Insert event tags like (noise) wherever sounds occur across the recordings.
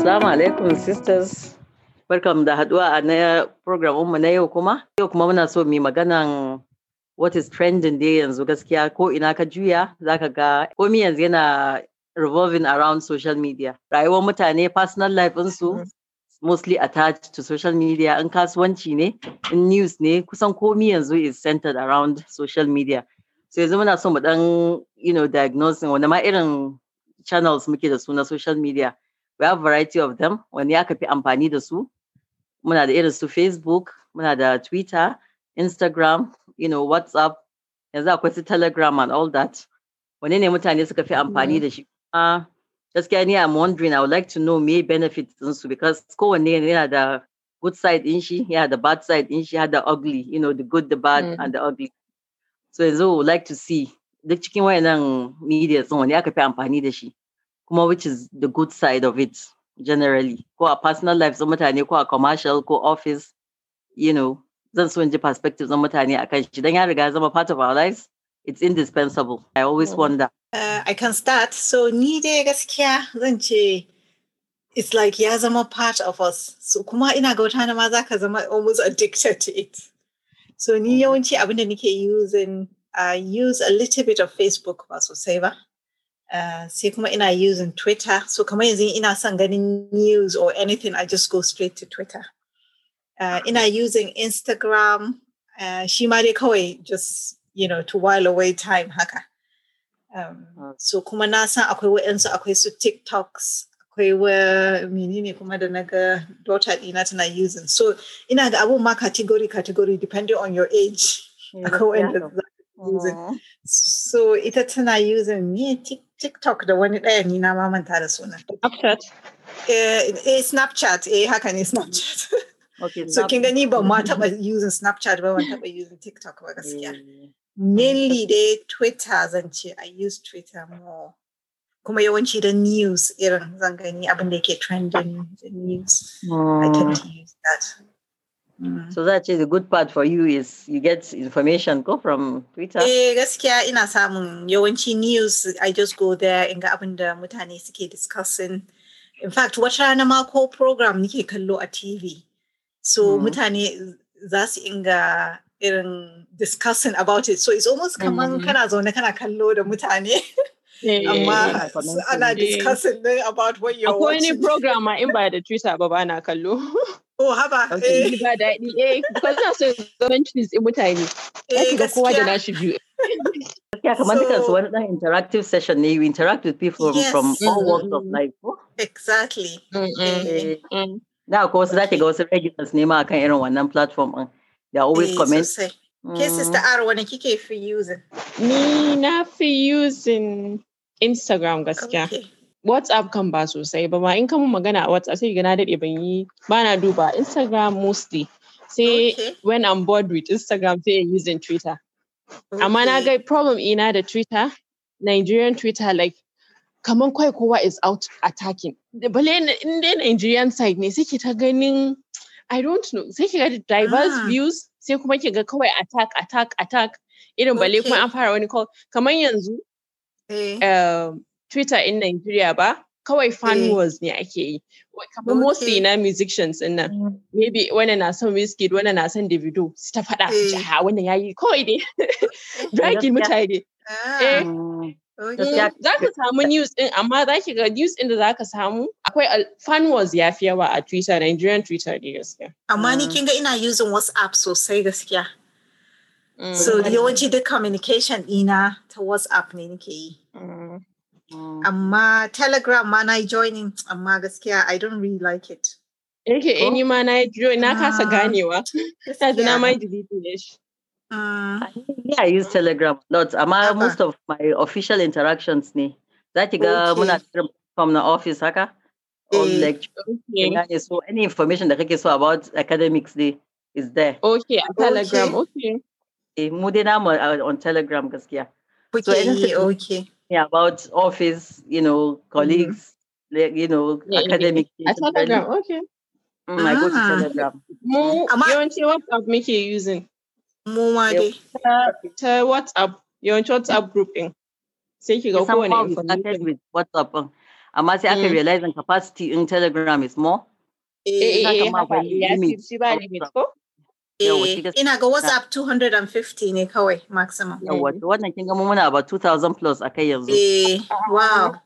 Assalamu alaikum sisters. welcome. da haduwa a na program mu na yau kuma. Yau kuma muna so mu maganan what is trending dai yanzu gaskiya ko ina ka juya zaka ga komi yanzu yana revolving around social media. Rayuwar mutane personal life su mm-hmm. mostly attached to social media in kasuwanci ne in news ne kusan komi yanzu is centered around social media. So yanzu muna so mu dan you know diagnosing wani ma irin channels muke da su na social media we have variety of them wani aka fi amfani da su muna da irin su facebook muna da twitter instagram you know whatsapp yanzu akwai su telegram and all that wani ne mutane suka fi amfani mm-hmm. da shi kuma gaskiya ni i'm wondering i would like to know me benefits din su because kowanne yana da good side din shi yana da bad side din shi yana da ugly you know the good the bad mm. and the ugly so yanzu would like to see duk cikin wayannan media din wani aka fi amfani da shi kuma which is the good side of it generally ko a personal life na mutane ko a commercial ko office you know zan so in ji perspectives na mutane akan shi dan ya riga zama part of our lives it's indispensable i always mm. wonder uh, i can start so ni dai gaskiya zan ce it's like ya zama part of us so kuma ina ga wata ma zaka zama almost addicted to it so ni mm-hmm. yawanci abin da nike using i use a little bit of facebook ba sosai ba so, uh, sai kuma ina using Twitter. So kamar yanzu ina son ganin news or anything, I just go straight to Twitter. Uh, ah. ina using Instagram. Uh, shi ma dai kawai just, you know, to while away time haka. Um, ah. so kuma na san akwai wa'yansu akwai su TikToks, akwai wa menene kuma da naga ga daughter ɗina tana using. So ina ga abun ma category category depending on your age. Eh, akwai wa'yanda za mm. using. So ita tana using me TikTok TikTok da wani ɗaya ni na manta da suna. Snapchat? Eh, eh Snapchat, eh haka ne Snapchat. Okay, (laughs) so kin gani ban ma taɓa using Snapchat ba ban taɓa using TikTok ba gaskiya. Eh. Mainly dai Twitter zan ce I use Twitter more. Kuma yawanci da news irin zan gani abin da yake trending the news. I tend to oh. use that. Mm. So that is a good part for you is you get information go from Twitter. Eh gaskiya ina samun yawanci news I just go there in ga abin da mutane suke discussing. In fact wata na ma ko program nike kallo a TV. So mm. mutane za su inga irin discussing about it. So it's almost kaman mm. kana zaune kana kallo da mutane. (laughs) Eh, amma eh, ana discussing about what you're watching. Akwai wani program in (laughs) ba da Twitter ba ba na kallo. (laughs) Oh, haba. Eh. Ba eh. because na so zamanci mutane. Eh, gaskiya. kowa da nashi interactive session You interact with people yes. from all mm-hmm. walks of life. Oh. Exactly. Na mm-hmm. eh. mm-hmm. ko wasu zaki ga wasu regulars ne ma akan on wannan platform They are always eh, commenting. Ke mm. sister R one, kike for using? Me, not for using Instagram guys. Okay. WhatsApp kan ba sosai ba ma in kan magana a WhatsApp sai na daɗe ban yi ba na duba Instagram mostly sai okay. when I'm bored with Instagram sai in using Twitter. Amma na ga problem ina da Twitter, Nigerian Twitter like kaman kwai kowa is out attacking. Bale in dai Nigerian side ne sai ta ganin I don't know sai ki ga diverse ah. views sai kuma ki ga kawai attack attack attack irin bale okay. kuma an fara wani call Kamar yanzu. Eh. Um, Twitter in Nigeria ba, kawai fan eh. wars ne ake yi. Kamar mostly na musicians in nan. Mm. Maybe wani na son Wizkid, wani na son Davido, su ta faɗa su ci eh. ha wannan yayi kawai ne. (laughs) (laughs) Dragging mutane. Ah. Eh, Za ka samu news din amma za ki ga news din da za ka samu akwai fan wars ya fi yawa a Twitter, Nigerian Twitter ne gaskiya. Amma ni mm. kin ga ina using WhatsApp sosai gaskiya. Mm. So yawanci duk communication ina ta WhatsApp ne nake yi. Oh. amma telegram man. I joining amma gaskiya i don't really like it okay, oh. any man I join na ah, kasa ganewa sai na mai delete ne shi ah. yeah, I use Telegram lots. Amma most of my official interactions ne. Za ki ga muna from the office haka? all eh. lectures. Okay. So any information that kake so about academics day is there. Okay, on Telegram. Okay. okay. Eh, mu dai uh, on Telegram gaskiya. Okay, so okay yeah, about office, you know, colleagues, mm-hmm. like, you know, yeah, academic. Yeah. Telegram, okay. Mm, ah. I go to ah. Telegram. Mo, Am I- you what app make you using? Mo, yeah. uh, what app? You're in WhatsApp grouping. Say you go go and started with WhatsApp. Amma sai aka mm. realize capacity in Telegram is more. Yeah, yeah, yeah. Eh, in ina was WhatsApp 250 ne kawai maximum. Yawwa, wannan kin ga mu muna about 2000 plus akai yanzu. Eh, wow.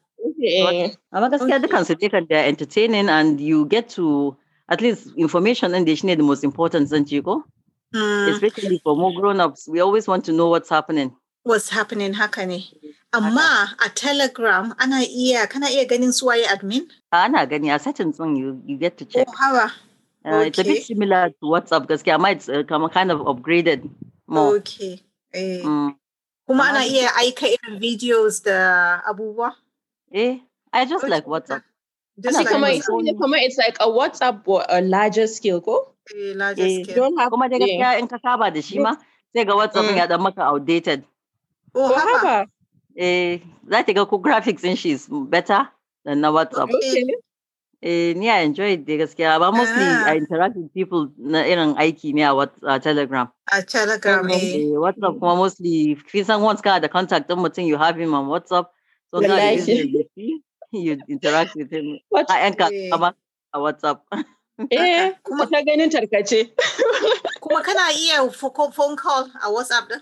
Amma gaskiya dukan su dukan da entertaining and you get to at least information and they shine the most important zan ce ko? Hmm. Especially for more grown-ups, we always want to know what's happening. What's happening can ne. Amma a Telegram ana iya kana iya ganin suwaye admin? Ana gani a certain song you, you get to check. Oh, hawa. Uh, okay. It's a bit similar to WhatsApp because Kyama it's uh, uh, kind of upgraded more. Okay. Eh. Mm. Kuma ana iya aika irin videos the Abuwa. Eh, I just like WhatsApp. Just like kuma, WhatsApp. kuma it's like a WhatsApp or a larger scale go. Eh, larger eh. scale. Don't have, kuma da gaskiya in ka saba da shi WhatsApp mm. ya dan maka outdated. Oh, so oh, haba. Eh, za ta ga graphics din shi is better than na WhatsApp. Okay. And yeah, I enjoyed it because yeah, but mostly ah. I interact with people in an aiki near what uh, Telegram. A Telegram. Eh. eh. WhatsApp kuma mm. mostly kin someone's got the contact din thing you have him on WhatsApp. So now you, you interact with him. What? I anchor eh. a WhatsApp. (laughs) Eh, kuma ta ganin tarkace. (laughs) Kuma kana iya phone call a WhatsApp din?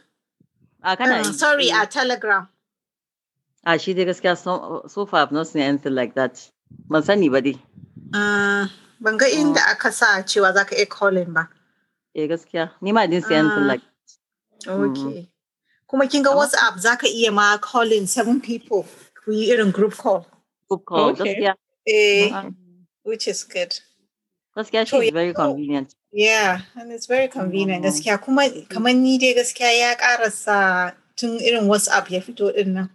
Ah, kana. Sorry, eh. a Telegram. Ah, she did so, so far I've not seen anything like that. Ban sani ba dai. Ah, ban ga inda ah. aka sa cewa za ka iya calling ba. Eh gaskiya, ni ma din sayan ah. like. Okay. Mm-hmm. Kuma kin ga WhatsApp za ka iya ma calling seven people ku yi irin group call. Group call, gaskiya. Eh, mm-hmm. which is good. Gaskiya shi is very convenient. Yeah, and it's very convenient mm-hmm. gaskiya kuma kamar ni dai gaskiya ya karasa tun irin WhatsApp ya fito din nan.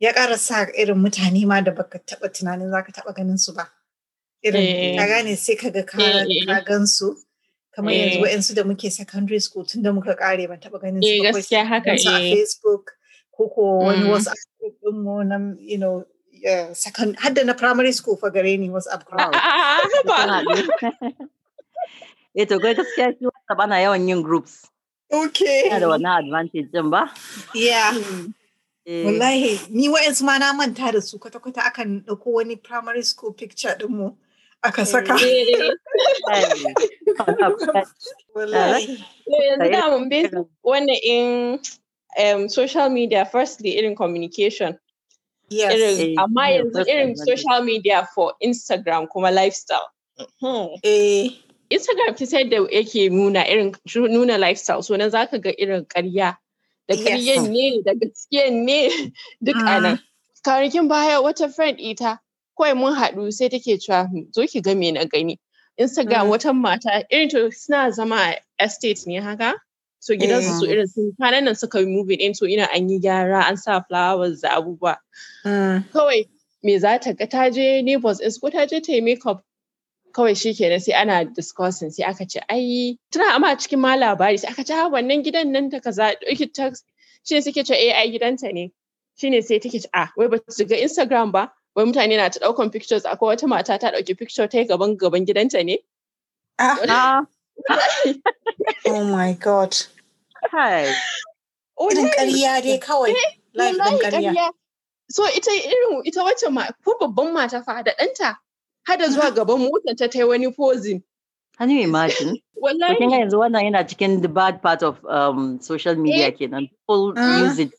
ya ƙara sa irin mutane ma da baka taɓa tunanin zaka taɓa ganin su ba irin ka eh. gane sai ka ga ka eh. gan su kamar yanzu eh. wa'yansu da muke secondary school tun da muka ƙare ban taɓa ganin su ba gaskiya haka a facebook ko ko wani mm. wasu group mu na you know second har da na primary school fa gare ni wasu up crowd (laughs) (laughs) eh to gaskiya shi whatsapp ana yawan yin groups okay yana da wannan advantage din ba yeah hmm. Eh. Wallahi, ni wa'yansu ma na manta da su kwata-kwata akan ɗauko wani primary school picture mu aka eh. saka. (laughs) Yanzu wannan in um, social media firstly irin communication yes. irin eh, amma yanzu irin social media for instagram kuma lifestyle mm-hmm. hmm. eh. instagram fi sai da yake nuna irin nuna lifestyle so nan zaka ga irin karya da karyan ne da gaskiyan ne (laughs) duk anan ah. kwanakin baya wata friend ita kawai mun haɗu sai take cewa hmm, zo ki ga me na gani instagram mm. wata mata irin to suna zama a estate ne haka so gidan su mm. irin sun kwanan nan suka moving in so ina an yi gyara an sa flowers da abubuwa ah. kawai me za ta ga ta je neighbors in ko ta je ta yi makeup kawai shi kenan sai ana discussing sai aka ce ai tana amma cikin ma labari sai aka ce ah, wannan gidan nan ta kaza ɗauki ta shi ne suke ce eh, ai gidanta ne shi ne sai take ce a ah, wai ba ta shiga Instagram ba wai mutane na ta ɗaukan pictures akwai wata mata ta ɗauki picture ta yi gaban gaban gidanta ne. Ah. (laughs) (laughs) oh my god. Hi. Irin ƙarya dai kawai. Eh, Life ɗin ƙarya. So ita irin ita wacce ma ko babban mata fa da ɗanta hada zuwa gaban motar ta ta wani posing Can you imagine? (laughs) Wallahi. Kin yanzu wannan yana cikin the bad part of um, social media eh, kenan. People ah. use it.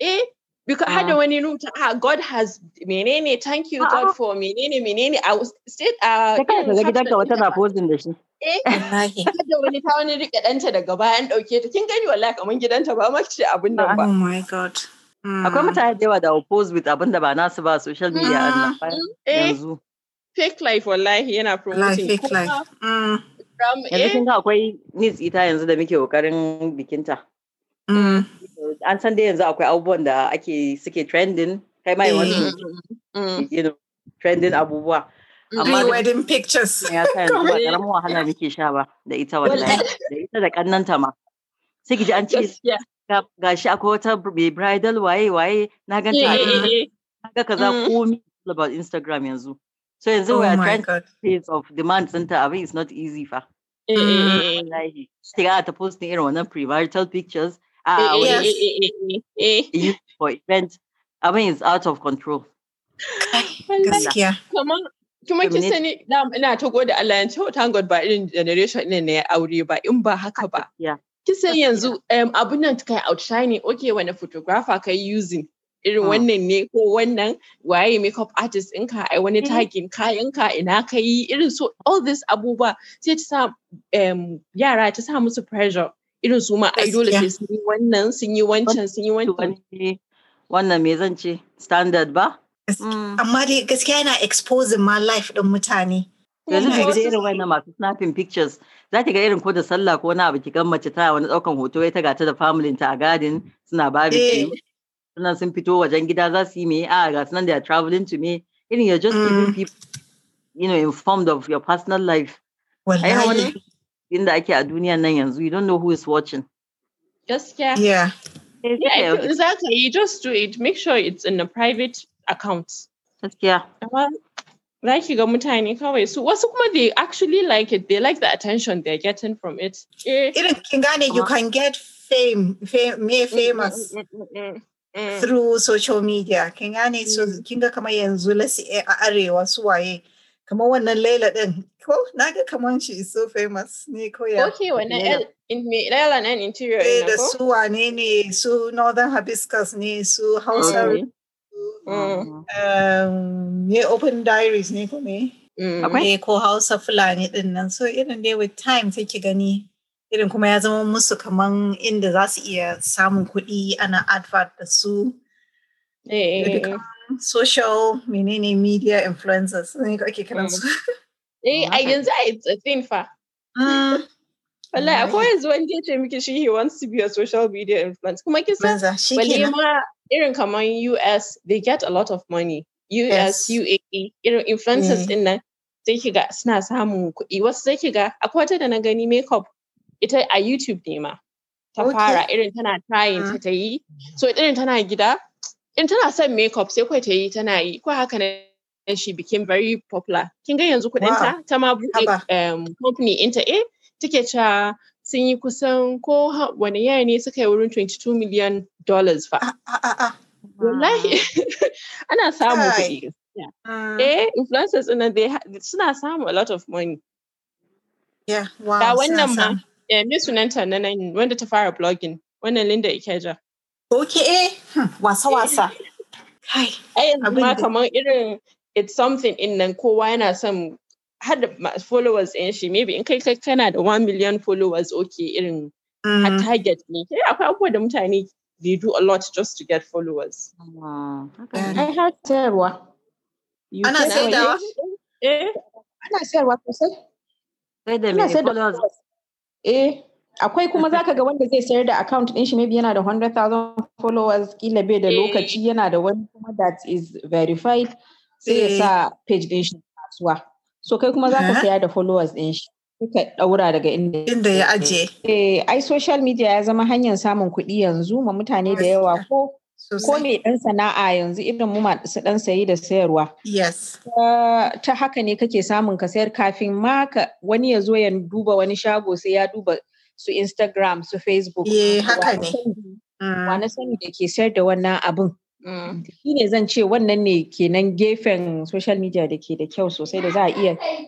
Eh, because uh, hada wani rubuta ah God has menene thank you ah, God for menene menene I was said uh Ta kai daga gidanka wata na posing da shi. Eh. (laughs) Hada wani ta wani rike danta daga bayan dauke ta. Kin gani wallahi kaman gidanta ba ma ce abin nan ba. Oh my god. Akwai hmm. mutane da yawa da oppose with abin da ba nasu ba social media hmm. eh. yanzu. fake life wallahi yana promoting fake life. Mm. yanzu kin ga akwai needs ita yanzu da muke kokarin bikinta mm. an san dai yanzu akwai abubuwan da ake suke trending kai mai wani mm. you know trending abubuwa amma wedding pictures ya ta yanzu ba karamin wahala muke sha ba da ita wallahi da ita da kannanta ma sai ki ji an ce gashi akwai wata mai bridal waye waye na ganta a eh. ga kaza komi about Instagram yanzu So yanzu we oh are trying to face of demand center mean it's not easy fa. Eh, eh, eh, Wallahi. Shi ga ta post irin wannan private pictures. Ah, yes. for event. mean it's out of control. Gaskiya. kuma ki sani ina ta gode Allah yanzu thank God ba irin generation ne na aure ba in ba haka ba. Ki san yanzu abun nan kai outshining okay wani photographer kai using irin ah. wannan ne ko wannan waye makeup artist in ka ai wani eh. tagin kayanka ina ka yi irin so all this abubuwa sai ta sa yara ta sa musu pressure irin su ma ai dole sai sun yi wannan sun yi wancan sun yi wancan wannan me zan ce standard ba hmm. amma dai gaskiya yana exposing my life ɗin mutane yanzu da ga irin wannan masu snapping pictures za ta ga irin ko da sallah ko na abu ki mace ta wani daukan hoto ya ta gata da family ta a garden suna barbecue eh. suna sun fito wajen gida za su me a ah, ga sunan they are traveling to me you're just keeping mm. people you know informed of your personal life Well, I want to a in the yanzu We don't know who is watching Just yeah yeah exactly you just do it make sure it's in a private account you, za ki ga mutane So, what's wasu kuma they actually like it they like the attention they're getting from it eh. irin kin you can get fame fame me mm, mm, famous Eh. through social media kin ne so mm. kin kamar yanzu lasi a arewa su waye kamar wannan laila din ko na ga kamar shi is so famous ne ko ya okay wannan laila nan interior eh da su wane ne su northern hibiscus ne su hausa ne mm. mm. um, open diaries ne ko me ne ko hausa fulani din nan so irin dai with time take gani irin kuma ya zama musu kaman inda za su iya samun kuɗi ana advert da su eh, eh, eh. social menene media influencers ne ka ake kiran su mm. eh a yanzu a it's a thing fa mm. (laughs) wallahi mm. akwai yanzu wanda ya ce miki shi he wants to be a social media influencer kuma kisa wali ma irin kaman US they get a lot of money US UAE irin influencers din nan sai kiga suna samun kuɗi wasu sai kiga akwai wata da na gani makeup ita a YouTube ne ma ta fara irin tana trying ah. ta yi so irin tana gida in tana son makeup sai kawai ta yi tana yi ko haka ne she became very popular. Kin ga yanzu kudinta ta ta ma buɗe company inta eh take ta sun yi kusan ko wani yaya ne suka yi wurin 22 million dollars fa. Ah, ah, Wallahi (laughs) ana samu kuɗi. Eh influencers ɗin suna samu a lot of money. Yeah, wow. Da wannan ma Eh, me sunanta na nan wanda ta fara blogging, wannan Linda Ikeja. Ok, eh, wasa-wasa. Hmm, kai, yanzu ma kamar irin it's something in nan kowa yana son hada followers in shi maybe in kai kana da 1 million followers okay irin a mm-hmm. target ne eh, akwai abubuwa da mutane they do a lot just to get followers mm. ai har sayarwa ana sayarwa eh ana sayarwa sosai sai da mai followers eh akwai kuma (laughs) zaka ga wanda zai sayar da account din shi maybe yana da 100,000 followers kila bai da eh. lokaci yana da wani kuma that is verified sai ya eh. sa page din shi kasuwa so kai kuma zaka saya da followers din shi kuka daura daga inda ya aje eh ai social media ya zama hanyar samun kuɗi yanzu ma mutane da yawa ko Ko mai ɗan sana'a yanzu irin mu masu ɗan sayi da sayarwa. Yes. Ta haka ne kake samun ka sayar kafin ma wani ya zo ya duba wani shago sai ya duba su Instagram su Facebook. Ye, eh, haka ne. Wani mm. sani da ke sayar da wannan abin. Mm. Shi ne zan ce wannan ne kenan gefen social media da ke da kyau sosai da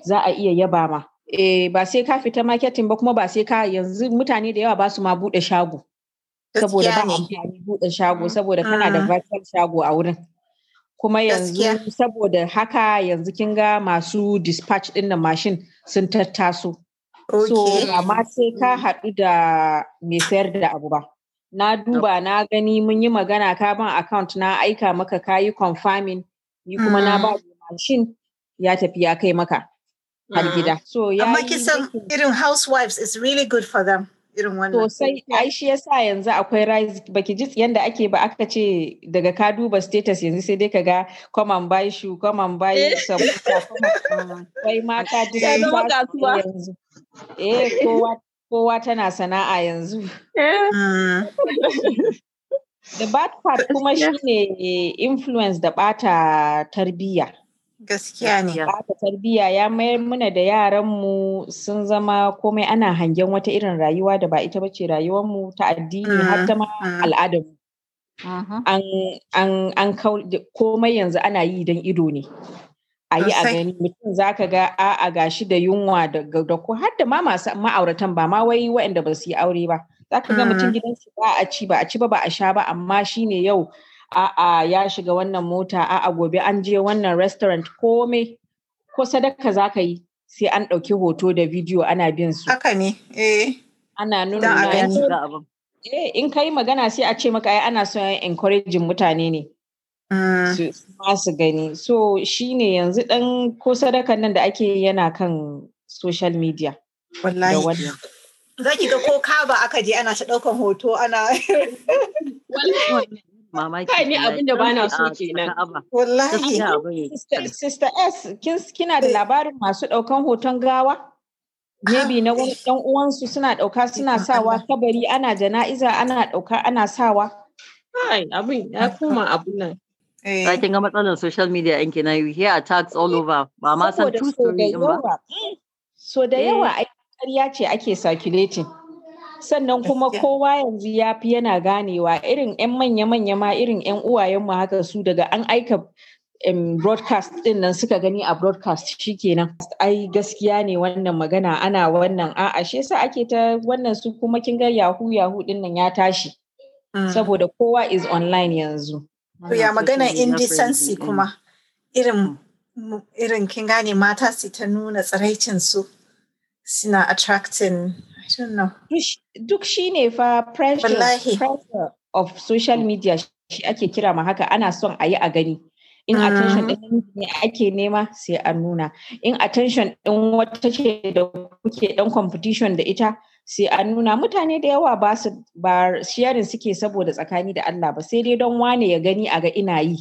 za a iya yaba ma. Eh ba sai ka fita marketing ba kuma ba sai ka yanzu mutane da yawa ba su ma buɗe shago. saboda ba amfani buɗe shago mm, saboda kana da mm. vital shago a wurin kuma yanzu saboda haka yanzu kin ga masu dispatch ɗin da mashin sun tattaso so amma sai ka mm. haɗu da mai sayar da abu ba na duba na gani mun yi magana ka ban account na aika maka ka yi confirming ni kuma na ba mashin ya tafi ya kai maka har gida so ya amma kisan irin housewives is really good for them irin wannan sosai ai shi yasa yanzu akwai rise baki ji yanda ake ba aka ce daga ka duba status yanzu sai dai kaga come and buy shoe come and buy eh. sabuwa (laughs) kai ma ka ji yanzu eh kowa kowa tana sana'a yanzu eh. the bad part kuma shine influence da bata tarbiyya Gaskiya ne. Aka tarbiyya ya mayar mana da yaranmu sun zama komai ana hangen wata irin rayuwa da ba ita bace mu ta addini har mm-hmm, ta ma mm-hmm. al'adarmu. Mm-hmm. An komai yanzu ana yi don ido ne. A yi a gani mutum za ka ga a gashi da yunwa da ko har da ma masu ma'auratan ba ma wai waɗanda ba su yi aure ba. Za ka ga mutum gidansu ba a ci ba a ci ba ba a sha ba amma shine yau a'a ya shiga wannan mota a'a gobe an je wannan restaurant komai ko sadaka za ka yi sai an ɗauki hoto da bidiyo ana bin su haka ne eh ana nuna eh in ka yi magana sai a ce maka ai ana so encouraging mutane ne mm. su su gani so shi ne yanzu ɗan ko sadakan nan da ake yana kan social media wallahi za ki ga ko kaba aka je ana ta ɗaukan hoto ana (laughs) mamaki kai ni abin da bana so ah, kenan wallahi sister S kina da eh. labarin masu daukan hoton gawa maybe na wani dan eh. uwansu suna dauka suna sawa kabari ana jana'iza ana dauka ana sawa kai abin ya koma abin nan Za eh. kin ga matsalar social media yanki na you hear attacks all over ba ma san two story ba. So da yawa ai ƙarya ce ake circulating. sannan kuma kowa yanzu ya fi yana ganewa irin 'yan manya-manya ma irin 'yan uwayenmu haka su daga an aika broadcast din nan suka gani a broadcast shikenan ai gaskiya ne wannan magana ana wannan a'a shi yasa ake ta wannan su kuma kin ga yahu yahu din nan ya tashi ah. saboda kowa is online yanzu to ya magana indecency kuma irin mm. irin kin gane mata su ta nuna tsaraicin su suna attracting Duk shi ne fa pressure of social media shi ake kira ma haka ana son a yi a gani. In ah. attention ɗin ne ake nema sai a nuna. In attention ɗin wata ce da kuke ɗan competition da ita sai a nuna mutane da yawa ba su ba sharing suke saboda tsakani da Allah ba sai dai don wane ya gani a ga ina yi.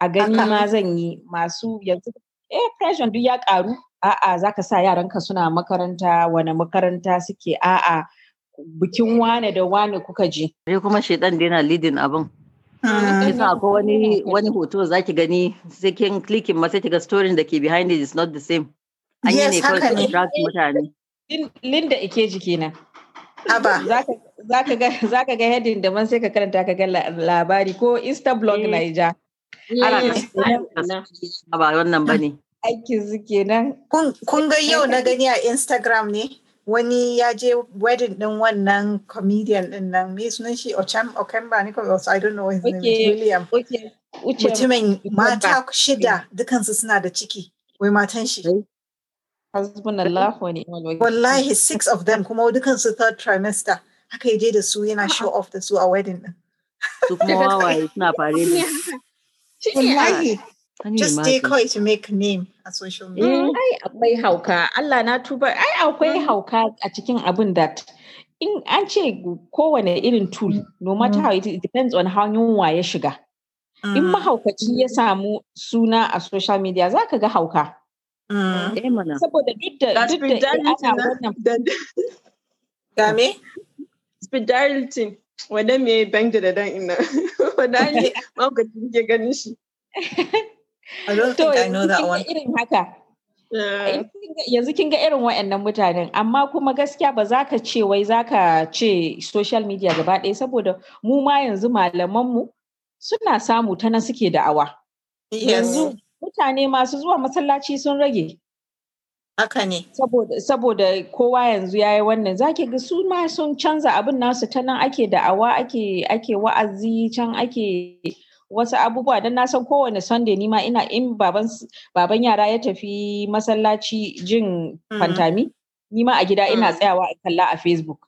A gani ma zan yi masu yanzu eh pressure duk ya ƙaru a'a za ka sa yaranka suna makaranta wani makaranta suke a'a bikin wane da wane kuka je. Ni kuma shaidan dai na leading abin. Kisa ah. akwai wani wani hoto za ki gani sai kin clicking ma sai ki ga story da ke behind it is not the same. An yi ne kawai to attract mutane. Linda Ikeji kenan. Aba. Za ka ga heading da man sai ka karanta ka ga labari ko Insta blog eh. Naija. Ana eh. ba wannan bane. aikin kenan. Kun ga yau na gani a Instagram ne? Wani ya je wedding din wannan comedian din nan, me sunan shi Ocham Okemba ne ko oh, I don't know his name, William. Mutumin mata shida dukansu suna da ciki, wai matan shi. Husband Allah ni'mal Wallahi six of them kuma dukansu third trimester. Haka ya je da su yana show off da su a wedding din. Su kuma wawaye suna fare (laughs) ne. Wallahi. Just dai kawai to make a name a social eh, media. Ai akwai hauka, Allah na tuba, ai akwai hmm. hauka a cikin abin that in an ce kowane irin tool, no matter hmm. how it, it depends on how yunwa ya shiga. In hmm. mahaukaci ya samu suna a social media za ka ga hauka. Eh, Saboda duk da duk da ana wannan. Game? Spirituality. Wadda me bang da dan ina. (laughs) Wadda ne mahaukaci ke ganin shi. (laughs) Eh, yanzu kin ga irin wa'annan mutanen amma kuma gaskiya ba za ka ce wai za ka ce social media gaba ɗaya saboda mu ma yanzu malamanmu suna samu ta nan suke da'awa yanzu mutane masu zuwa masallaci sun rage haka ne saboda kowa yanzu ya yi wannan zaki ga su ma sun canza abin nasu ta nan ake da'awa ake wa'azi can ake wasu abubuwa don na san kowane sunday nima ina in baban yara ya tafi masallaci jin mm. fantami nima a gida mm. ina tsayawa in kalla a facebook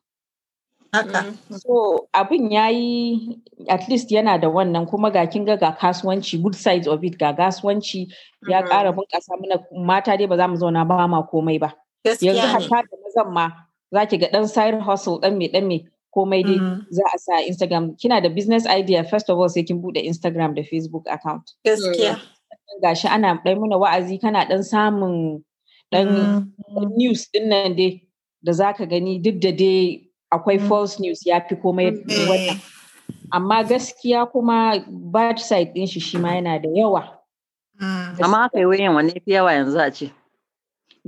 Haka. Mm. So abin ya yi at least yana da wannan kuma ga kin ga ga kasuwanci good sides of it ga kasuwanci ya mm-hmm. ƙara bunƙasa mana mata dai ba za mu zauna ba ma komai ba. Yanzu hatta da mazan ma za ki ga ɗan side hustle ɗan mai ɗan mai komai dai mm-hmm. za a sa Instagram kina da business idea first of all sai kin bude Instagram da Facebook account gaskiya gashi ana ɗan muna wa'azi kana ɗan samun ɗan mm-hmm. news ɗin nan dai da za ka gani duk da dai akwai mm-hmm. false news ya fi komai wannan amma gaskiya kuma bad side ɗin shi shi ma yana da yawa amma aka yi wuyan wani fi yawa yanzu a ce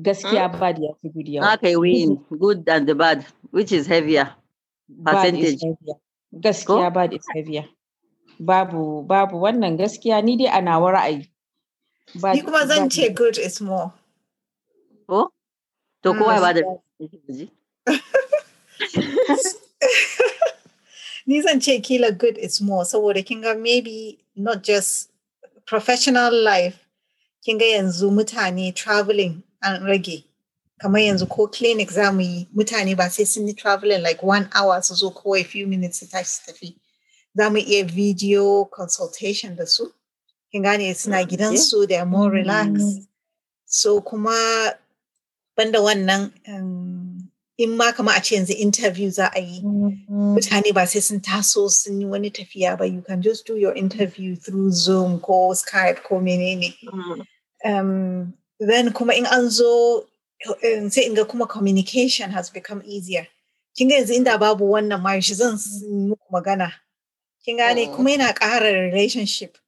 gaskiya hmm? bad ya fi gudu yawa aka yi wuyan (laughs) good and the bad which is heavier percentage gaskiya ba da heavier. babu babu wannan gaskiya ni dai a nawa ra'ayi ni kuma zan ce good is more ko to mm. kowa ba da (laughs) ni zan ce kila good is more saboda kin ga maybe not just professional life kin ga yanzu mutane traveling an rage kamar yanzu ko clinic za mu yi mutane ba sai sun yi traveling like one hour su zo kawai few minutes su tashi su tafi za mu iya video consultation da su kin gane suna gidansu they are more mm. relaxed so kuma banda wannan um, in ma kama a ce yanzu interview za a yi mm-hmm. mutane ba sai sun taso sun yi wani tafiya ba you can just do your interview through zoom ko skype ko menene mm. um, then kuma in an zo Eh, sai in ga kuma communication has become easier kin ga yanzu inda babu wannan ma shi zan mm. muku magana kin gane oh. kuma yana ƙara relationship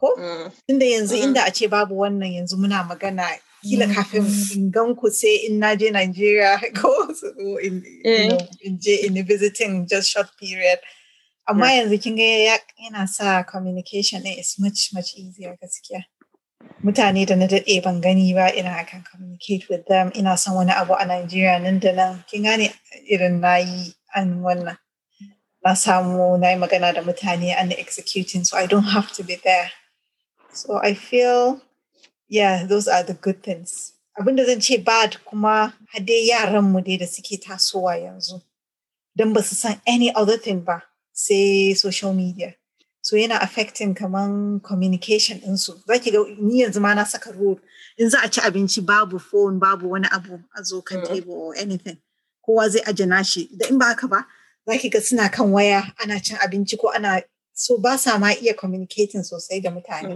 ko mm. tunda yanzu inda a ce babu wannan yanzu muna magana kila kafin in gan ku sai in na je Nigeria (laughs) ko eh. in je in visiting just short period amma mm. yanzu kin ga yana sa communication is much much easier gaskiya mutane da na daɗe ban gani ba irin I can communicate with them ina son wani abu a Nigeria nan da nan kin gane irin nayi an wannan na samu na yi magana da mutane and executing so I don't have to be there so I feel yeah those are the good things abinda zan ce bad kuma hade yaran mu dai da suke tasowa yanzu don ba su san any other thing ba sai social media so yana affecting kaman communication ɗinsu za ki ga ni yanzu ma na saka rule in za a ci abinci babu phone babu wani abu a zo kan table or anything kowa zai aje nashi da in ba haka ba za ki ga suna kan waya ana cin abinci ko ana so ba sa ma iya communicating sosai da mutane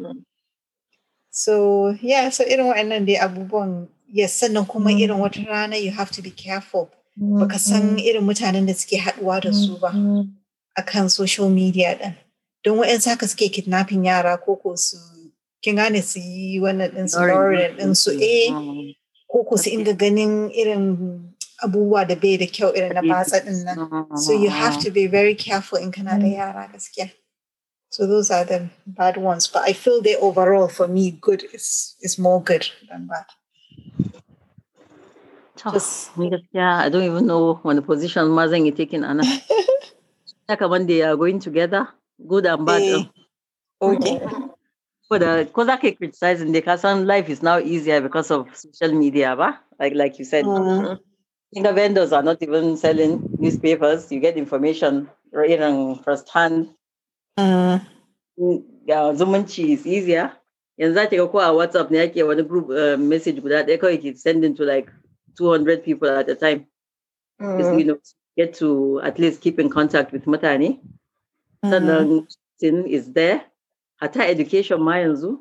so yeah so irin waɗannan dai abubuwan yes sannan kuma mm. irin wata rana you have to be careful baka san irin mutanen da suke haɗuwa da su ba akan social media ɗin don wa'yansu haka suke kidnapping yara ko ko su kin gane su yi wannan ɗin su lauren ɗin su mm, eh mm, mm. ko ko su inga ganin irin abubuwa da bai da kyau irin na batsa ɗin nan so you have to be very careful in kana da yara gaskiya so those are the bad ones but I feel they overall for me good is is more good than bad Just, yeah, I don't even know when the position mother is taking Anna. like when they are going together, good and bad. Eh, okay. (laughs) For the Kodak criticizing the person, life is now easier because of social media, ba? like like you said. Mm. The vendors are not even selling newspapers. You get information right on firsthand. Mm-hmm. Mm. Yeah, zumunci is easier. And za ta ga ko a whatsapp ne yake group uh, message message that. ɗaya kawai ke sending to like 200 people at a time mm. you know get to at least keep in contact with mutane sannan mm-hmm. still is there hata education ma yanzu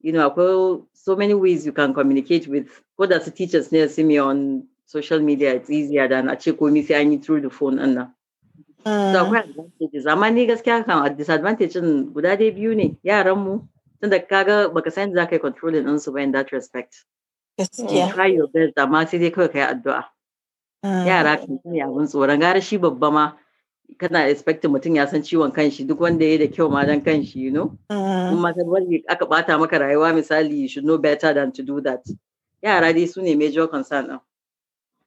you know akwai so many ways you can communicate with ko da su teachers ne su me on social media it's easier than a ce komi sai an yi through the phone anna. nan so ah. akwai advantages amma ni gaskiya kan a disadvantage guda dai biyu ne yaran mu tunda kaga baka san za ka yi controlling din su ba in that respect gaskiya try your best amma sai dai kawai kai addu'a ah. yara kan abin tsoron gara shi babba ma kana expecting mutum ya san ciwon kanshi duk wanda ya da kyau ma dan kanshi you know kuma ah. ka wani aka bata maka rayuwa misali you should know better than to do that yara dai su ne major concern din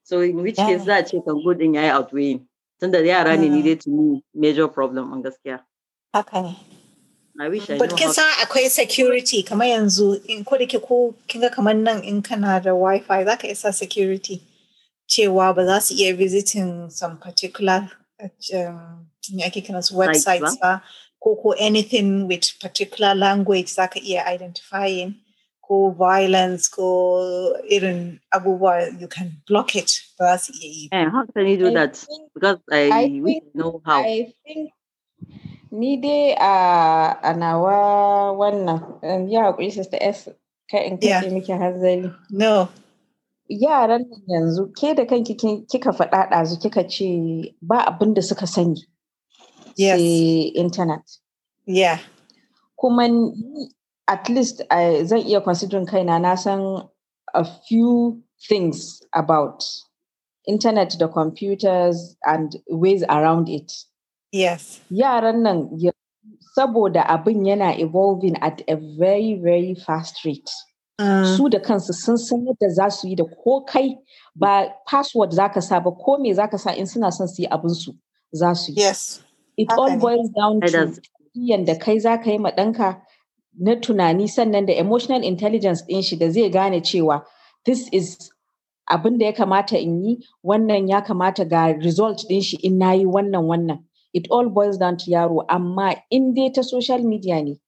so in which yeah. case za a ce kan good din yayi outweighing tunda yara ne ni ah. dai to me major problem an gaskiya haka ne But kin san akwai security kamar yanzu in ko da ke ko kin ga kamar nan in kana da wifi za ka isa security cewa ba za su iya visiting some particular chinhu uh, um, yake kana ziwebsites va ko anything with particular language zaka are identifying go violence go irin abubuwa you can block it ba yeah, how can you do I that think, because i, I think, know how i think Nide dai a uh, nawa wannan um, ya haƙuri sister s ka in kace no yaran nan yanzu ke da kanki kika faɗa ɗazu kika ce ba abin da suka sani yes. sai internet yeah kuma at least zan iya considering kaina na san a few things about internet da computers and ways around it yes yaran nan saboda abin yana evolving at a very very fast rate Ah. su da kansu sun san yadda za su yi da ko kai ba password za ka sa ba ko me za ka sa in suna son su yi abinsu za su yi. Yes. It all boils down to yadda kai za ka yi ma ɗanka na tunani sannan da emotional intelligence ɗin shi da zai gane cewa this is abin da ya kamata in yi wannan ya kamata ga result ɗin shi in na yi wannan wannan. It all boils down to yaro amma in dai ta social media ne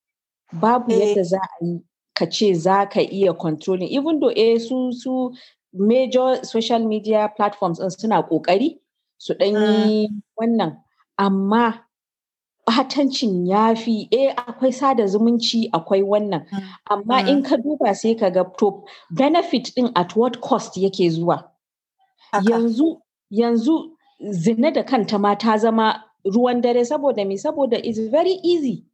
babu eh. yadda za a yi ka ce za ka iya controlling even though eh su su major social media platforms din suna kokari su dan yi mm. wannan amma batancin ya fi eh akwai sada zumunci akwai wannan mm. amma in mm. ka duba sai ka ga to benefit din at what cost yake zuwa yanzu yanzu zina da kanta ma ta zama ruwan dare saboda me saboda is very easy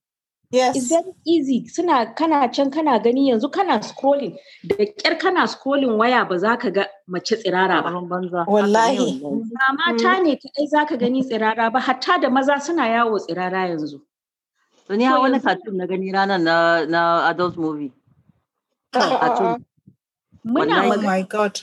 Yes. It's very easy. Suna kana can kana gani yanzu kana scrolling da ƙyar kana scrolling waya ba za ka ga mace tsirara ba. Wallahi. Ba mata mm. ne kaɗai za ka gani tsirara ba hatta da maza suna yawo tsirara yanzu. To ni wani cartoon na gani ranar na, na adult movie. Ah, ah, ah. Cartoon. Muna Oh my God.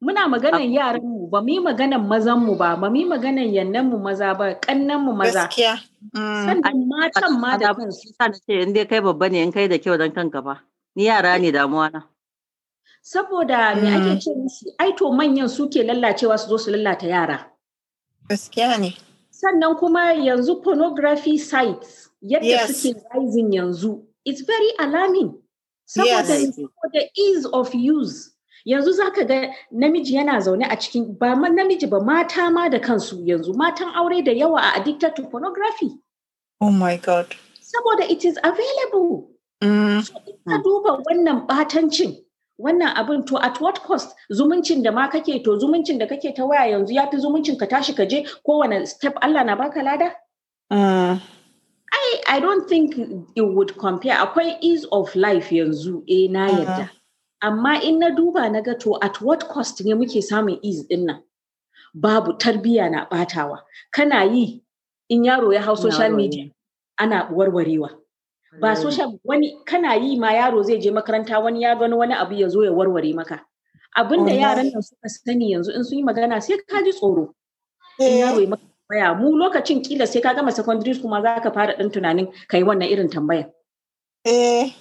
muna maganan yaran mu ba mu yi maganan mazan mu ba ba mu yi maganan yannan mu maza ba kannan mu maza gaskiya mm. sannan matan ma da kansu sa na ce in dai kai babba ne in kai da kyau dan kanka ba ni yara ne damuwa na saboda me mm. ake ce musu ai to manyan suke lallacewa su zo su lallata yara gaskiya ne sannan kuma yanzu pornography sites yadda suke rising yanzu it's very alarming saboda yes. the ease of use yanzu za ka ga namiji yana zaune a cikin ba namiji ba mata ma da kansu yanzu matan aure da yawa a addicted to pornography oh my god saboda it is available mm. so in ka duba wannan batancin wannan abin to at what cost zumuncin da ma kake to zumuncin da kake ta waya yanzu ya fi zumuncin ka tashi ka je kowane step Allah na baka lada uh. I, I don't think it would compare akwai ease of life yanzu eh na mm-hmm. yadda amma in na duba na ga to at what cost ne muke samun ease din nan babu tarbiyya na batawa kana yi in yaro ya hau social media ana warwarewa ba social wani kana yi ma yaro zai je makaranta wani ya gano wani abu ya zo ya warware maka abin da yaran nan suka sani yanzu in sun yi magana sai ka ji tsoro in eh. yaro ya maka tambaya mu lokacin kila sai ka gama secondary school ma za ka fara ɗan tunanin ka yi wannan irin tambaya. Eh.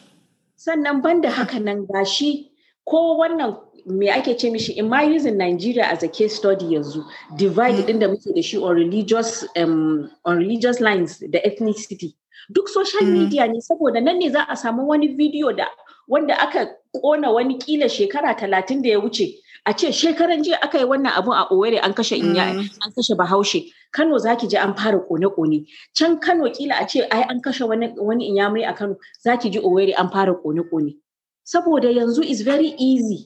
sannan banda haka nan gashi ko wannan me ake ce mishi in my using Nigeria as a case study yanzu divide mm. din da muke da shi on religious um, on religious lines da ethnicity duk social mm. media ne saboda nan ne za a samu wani video da wanda aka kona wani kila shekara talatin da ya wuce a ce shekaran jiya aka yi wannan abun a Owerri an kashe inya mm. an kashe Bahaushe Kano zaki ji an fara kone-kone can Kano kila a ce ai an kashe wani inyamuri a Kano zaki ji Owerri an fara kone-kone saboda yanzu is very easy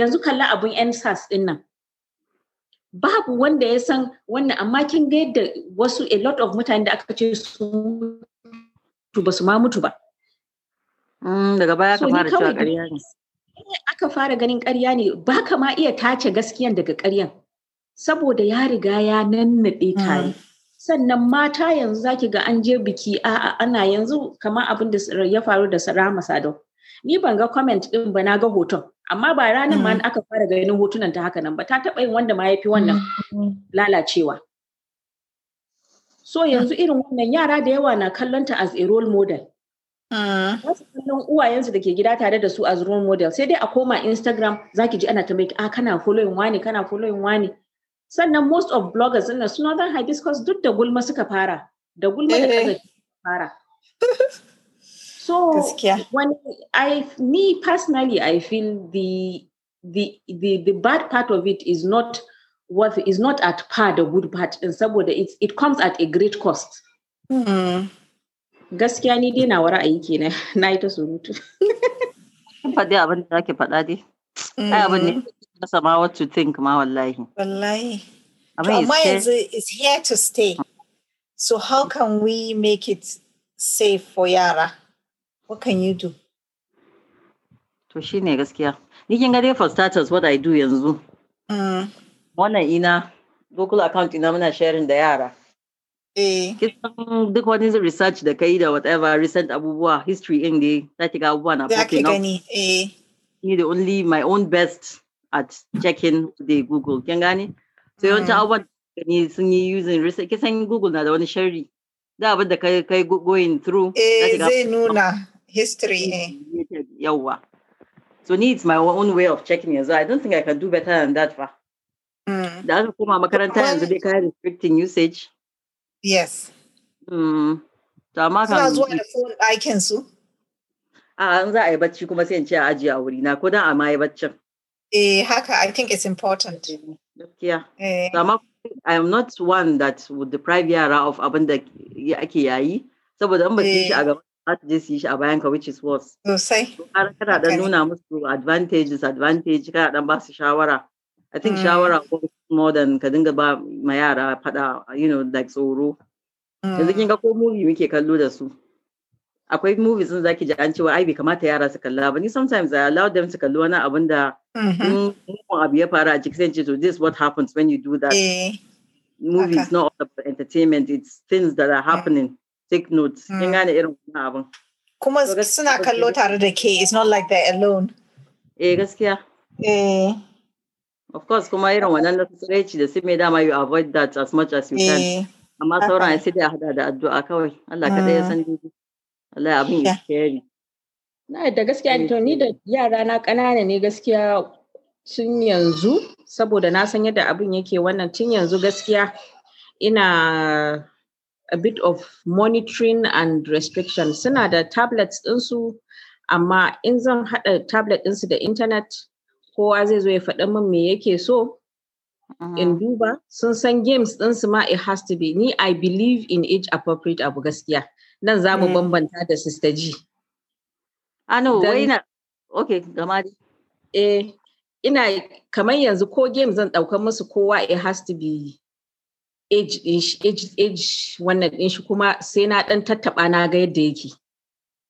yanzu kalla abun NSAS din nan babu wanda ya san wannan amma kin ga yadda wasu a lot of mutane da aka ce su mutu ba su ma mutu ba mm, daga baya ka fara cewa ƙarya ne aka fara ganin ƙarya ne ba ka ma iya tace gaskiyan daga ƙaryan saboda ya riga ya nannaɗe mm. tare sannan mata yanzu zaki ga an je biki a'a ana yanzu kamar abin da ya faru da Sarama Sadau ni ban ga comment din ba na ga hoton amma ba ranar ma mm. aka fara ganin hotunan ta haka nan ba ta taɓa yin wanda ma ya fi wannan mm. lalacewa so yanzu irin wannan yara da yawa na kallon ta as a role model Wasu mm. kallon uwayensu da ke gida tare da su as role model sai dai a koma Instagram zaki ji ana ta mai a ah, kana following wani kana following wani sannan most of bloggers din su northern hibiscus duk da gulma suka fara da gulma da eh. kaza fara (laughs) So when I me personally, I feel the the the the bad part of it is not worth is not at par the good part, and saboda It's it comes at a great cost. Hmm. Gaskiya ni dai nawa ra'ayi kenan (laughs) na yi ta surutu. Faɗi abin da ake faɗa dai. Ai abin ne masa hmm. ma what to think ma wallahi. Wallahi. Amma yanzu is here to stay. So how can we make it safe for yara? what can you do to shine gaskiya ni kin ga dai for starters what i do yanzu mm. wannan ina google account ina muna sharing da yara eh. Kisan duk wani research da kai da whatever recent abubuwa history in dai za ki ga abubuwa na popping up. Eh. Ni da only my own best at checking the Google. Kin gane? So mm. yawancin abubuwan gani sun yi using research. Kisan Google na da wani sharri. Da abin da kai kai going through. Eh zai nuna history. Eh? Yawa. So needs my own way of checking as well. I don't think I can do better than that. Fa. Mm. Da aka koma is yanzu dai restricting usage. Yes. Mm. To amma kan. zuwa da phone I su. A an za a yi bacci kuma sai in ce a ajiye na ko amai a Eh haka I think it's important. Gaskiya. Eh. To amma I am not one that would deprive yara of abanda da yai. So but in ba shi a eh za ta je su a bayan which is worse. Sosai. Har kana dan nuna musu advantage disadvantage dan ba su shawara. I think mm. shawara works more than ka dinga ba ma yara fada you know like tsoro. Mm. Yanzu kin ga ko movie muke kallo da su. akwai movies sun zaki ji an cewa ai bai kamata yara su kalla ba ni sometimes I allow them to kalli wani abin da mun mm-hmm. abu ya faru a ciki sai ce to this what happens when you do that eh. movie okay. is not all about entertainment it's things that are happening take notes kin hmm. gane irin wannan abin kuma suna kallo tare da ke it's not like they're alone eh gaskiya eh of course kuma irin wannan na kusurci da su me dama you avoid that as much as you can eh, amma sauran sai dai hada da addu'a kawai Allah kadai ya hmm. san dai Allah abin ya scary na da gaskiya to ni da yara na kanana ne gaskiya tun yanzu saboda na san yadda abin yake wannan tun yanzu gaskiya ina a bit of monitoring and restriction suna da tablets ɗinsu amma in zan haɗa tablet ɗinsu da internet, kowa zai zo ya faɗa min me yake so uh-huh. in duba sun san games ɗinsu ma it has to be ni i believe in age appropriate abu gaskiya nan za mu mm. bambanta da sister ji ano ah, wai okay gama eh ina kamar yanzu ko game zan ɗauka musu kowa it has to be age wannan din shi kuma sai na dan tattaba na ga yadda yake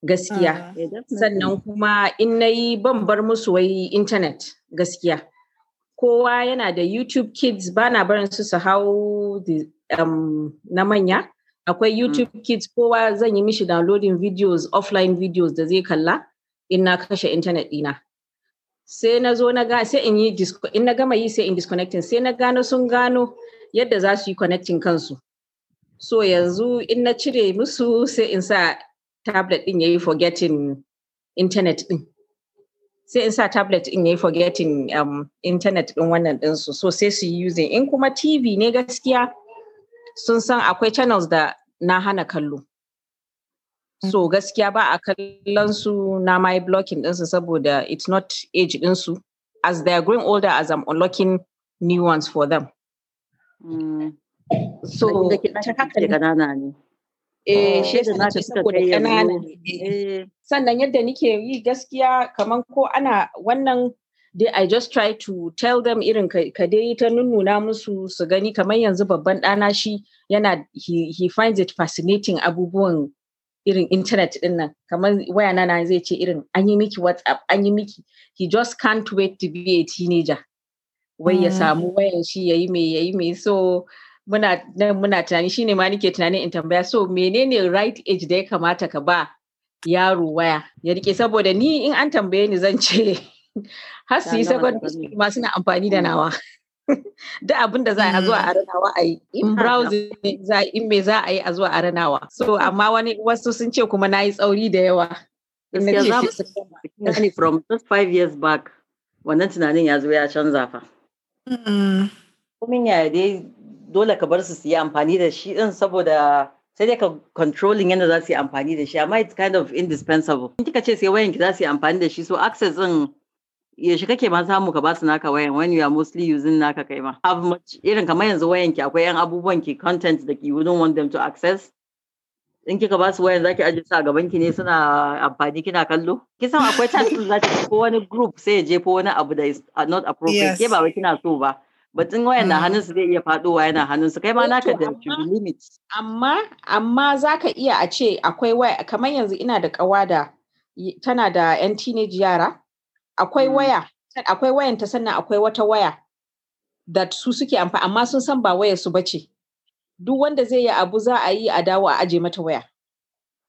gaskiya ah, sannan kuma in nayi ban bar musu wai internet gaskiya kowa yana da YouTube Kids ba na barin su su hau um, na manya. Akwai mm. YouTube Kids kowa zan yi mishi downloading videos, offline videos da zai kalla in na kashe internet dina. Sai na zo na ga sai in yi na gama yi sai in disconnecting sai na gano sun gano yadda za su yi connecting kansu so yanzu in na cire musu sai in sa tablet din yayi forgetting internet din sai in sa tablet forgetting um, internet din wannan ɗinsu. so sai su yi using in kuma tv ne gaskiya sun san akwai channels da na hana kallo so gaskiya ba a kallonsu na my blocking ɗinsu saboda it's not age ɗinsu as they are growing older as I'm unlocking new ones for them so haka ƙanana ne eh shi yasa nace saboda ƙanana ne sannan yadda nike yi gaskiya kaman ko ana wannan dai I just try to tell them irin ka dai ta nunnuna musu su gani kamar yanzu babban ɗana shi yana he, he finds it fascinating abubuwan irin internet din nan kamar waya na zai ce irin an yi miki whatsapp an yi miki he just can't wait to be a teenager wai ya mm. samu wayan shi ya yi mai, ya yi mai. so muna muna tunani ne ma nike tunanin in tambaya so menene right age da ya kamata ka ba yaro waya ya rike saboda ni in an tambaye ni zan ce (laughs) har su yi ma suna amfani da mm. nawa (laughs) da abin da za a zuwa a mm. ranawa a yi in browsing za in me za a yi a zuwa a ranawa so amma wani wasu sun ce kuma na yi tsauri da yawa from just five years back wannan tunanin ya zo ya canza fa Mm. Komin yaya dai dole ka bar su su yi amfani da shi din saboda sai dai ka controlling yadda za su yi amfani da shi amma it's kind of indispensable. In kika ce sai wayan ki za su yi amfani da shi so access din yaushe kake ma samu ka su naka wayan when you are mostly using naka kai ma. irin kamar yanzu wayan ki akwai yan abubuwan ki content da ki wouldn't want them to access in kika ba su wayan zaki aje su a gaban ki ne suna amfani kina kallo ki san akwai chance da zaki ko wani group sai ya jefo wani abu da is not appropriate ke ba wai kina so ba batun wayan na mm. hannun su zai iya faduwa yana hannun su kai ma eh, naka da limit amma amma zaka iya a ce akwai waya kamar yanzu ina da kawa da tana da yan teenage yara akwai mm. waya akwai wayan ta sannan akwai wata waya da su suke amfani amma sun san ba wayar su bace duk wanda zai yi abu za a yi a dawo a aje mata waya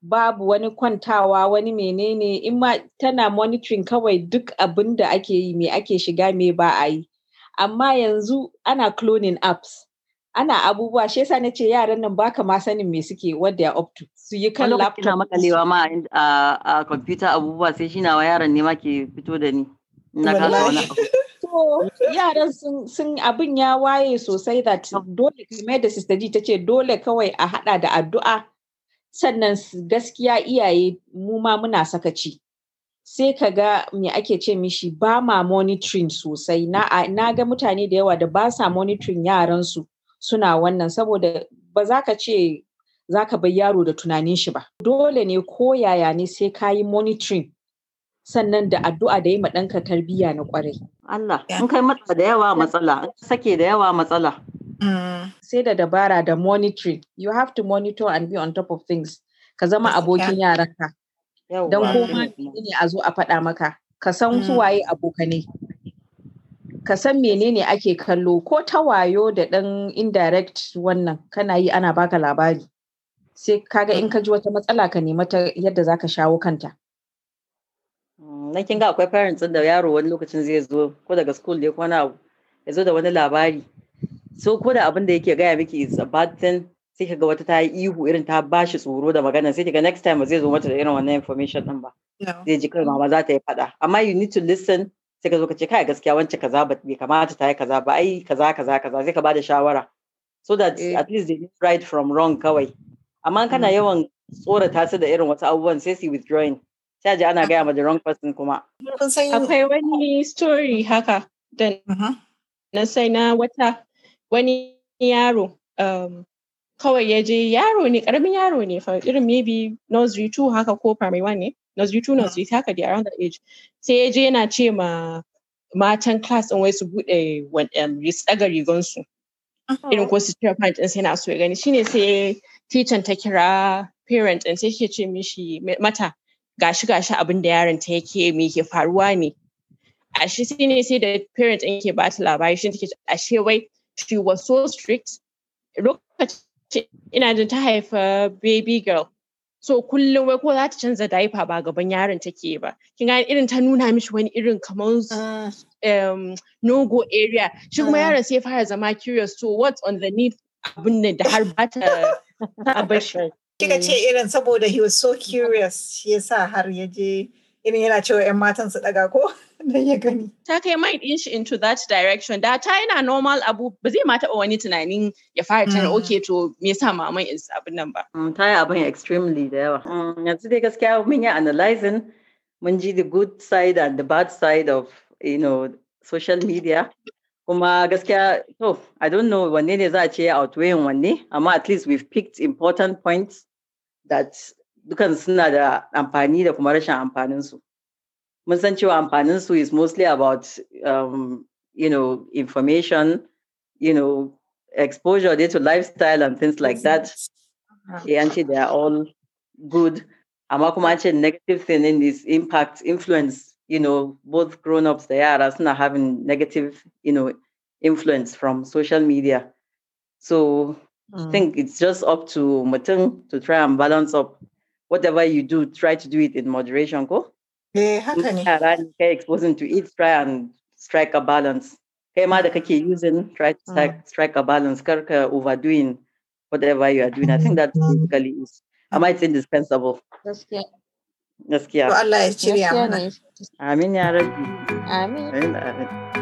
babu wani kwantawa wani menene in ma tana monitoring kawai duk abin da ake yi me ake shiga me ba a yi amma yanzu ana cloning apps ana abubuwa shi yasa nace yaran nan baka ma sanin me suke what ya are up to su yi kan laptop na makalewa ma a computer abubuwa sai shi na wa yaran ne ma ke fito da ni na kasa wani abu yaran sun abin ya waye sosai that dole kamar da sister ji ta ce dole kawai a hada da addu'a sannan gaskiya iyaye mu ma muna sakaci sai ka ga me ake ce mishi ba ma monitoring sosai na ga mutane da yawa da ba sa monitoring yaransu suna wannan saboda ba za ka ce za ka bai yaro da tunanin shi ba dole ne ko yaya ne sai ka yi monitoring sannan da addu'a da yi ma ɗanka tarbiyya na kwarai. Allah in kai matsa da yawa matsala in sake da yawa matsala mm, sai da dabara da monitoring you have to monitor and be on top of things ka zama abokin yaranka don koma ne a zo a faɗa maka ka san su mm. waye abokane ka san menene ake kallo ko ta wayo da ɗan indirect wannan kana yi ana baka labari sai kaga in ka ji wata matsala ka nema ta yadda ka shawo kanta na kin ga akwai parents da yaro wani lokacin zai zo ko daga school ne ko na ya zo da wani labari so ko da abin da yake gaya miki is a bad thing sai kaga wata ta yi ihu irin ta bashi tsoro da magana sai kaga next time zai zo mata da irin wannan information din ba zai ji kai mama za ta yi fada amma you need to listen sai ka zo ka ce kai gaskiya wance kaza ba bai kamata ta yi kaza ba ai kaza kaza kaza sai ka bada shawara so that eh. at least they know right from wrong kawai amma kana mm. yawan tsorata su da irin wasu abubuwan sai su withdrawing sai ji ana ah. gaya ma the wrong person kuma. Akwai wani story haka da uh-huh. na sai na wata wani yaro um, kawai ya je yaro ne karamin yaro ne fa irin maybe nursery 2 haka ko primary 1 ne nursery 2 nursery 3 haka da around that age sai ya je yana ce ma matan class din wai su bude tsaga su irin ko su tira pant din sai na so ya gani shine sai teacher ta kira parent din sai ke ce mishi mata gashi gashi abin da yaron ta yake mi ke faruwa ne ashe sai ne sai da parent din ke ba ta labari shi take ashe wai she was so strict lokacin ina jin ta haifa baby girl so kullum wai ko za ta canza diaper ba gaban yaron take ba kin ga irin ta nuna mishi wani irin kamar um, ah. no go area shi kuma ah. yaron sai fara zama curious to what's on the need abin da har ba ta abashin (laughs) Kika eh. ce irin saboda he was so curious shi yasa har ya je irin yana cewa 'yan matan su daga ko (laughs) don ya gani. Ta kai mind din shi into that direction. Da ta yana normal abu ba zai ma taɓa wani tunanin ya fara tana mm. okay to me yasa maman is abin nan ba. Mm, ta yi abin extremely da yawa. Mm, yanzu dai gaskiya mun yi analyzing mun ji the good side and the bad side of you know social media. Kuma gaskiya to I don't know wanne ne za a ce outweighing wanne amma at least we've picked important points that dukan suna da amfani da kuma rashin amfanin su mun san cewa amfanin is mostly about um, you know information you know exposure due to lifestyle and things like that yeah, uh-huh. and they are all good amma kuma an ce negative thing in this impact influence you know both grown-ups the yara suna having negative you know influence from social media so Mm. I think it's just up to mutum to try and balance up whatever you do, try to do it in moderation. Go. Eh, haka ne. Yara exposing to it, try and strike a balance. Okay, ma da mm. using, try to mm. strike, strike a balance, kar overdoing whatever you are doing. I think that mm. basically is, I might indispensable. Gaskiya. Gaskiya. To Allah is shirya mana. Amin ya rabbi. Amin. Amin.